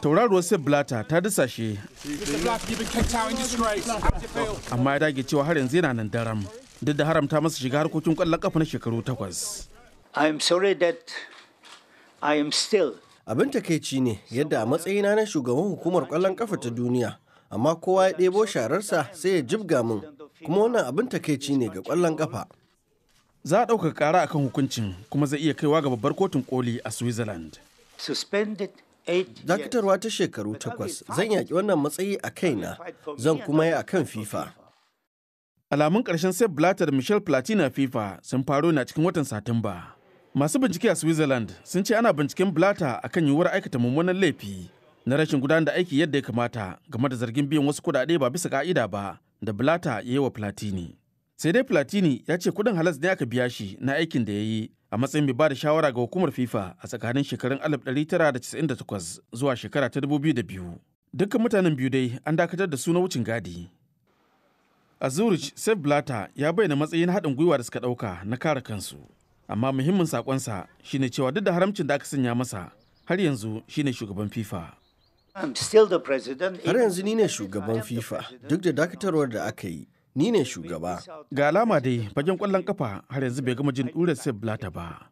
tauraro sai Blatter ta dasa shi. Amma ya dage cewa har yanzu yana nan daram duk da haramta masa shiga harkokin kwallon kafa na shekaru takwas. I am sorry Abin takaici ne yadda a matsayina na shugaban hukumar kwallon kafa ta duniya amma kowa ya ɗebo shararsa sai ya jibga min kuma wannan abin takaici ne ga kwallon kafa. Za a ɗauka ƙara akan hukuncin kuma zai iya kaiwa ga babbar kotun koli a Switzerland. Suspended Dakatarwa ta shekaru takwas zan yaƙi wannan matsayi a kaina zan kuma yi a kan FIFA. Alamun ƙarshen sai Blatter da Michel Platina FIFA sun faro na cikin watan Satumba. Masu bincike a Switzerland sun ce ana binciken Blatter akan yiwuwar aikata mummunan laifi na rashin gudanar da aiki yadda ya kamata game da zargin biyan wasu kuɗaɗe ba bisa ka'ida ba da Blatter ya yi wa Platini. Sai dai Platini ya ce kuɗin halas ne aka biya shi na aikin da ya yi a matsayin bai ba da shawara ga hukumar FIFA a tsakanin shekarun 1998 zuwa shekara ta 2002. Dukkan mutanen biyu dai an dakatar da su na wucin gadi. A Zurich, Sef Blatter ya bayyana matsayin haɗin gwiwa da suka ɗauka na kare kansu. Amma muhimmin saƙonsa shine cewa duk da haramcin da aka sanya masa har yanzu shine shugaban FIFA. Har yanzu ni ne shugaban FIFA duk da dakatarwar da aka yi. ni ne shugaba. Ga alama dai fagen kwallon kafa har yanzu bai gama jin ɗurar Sepp Blatter ba.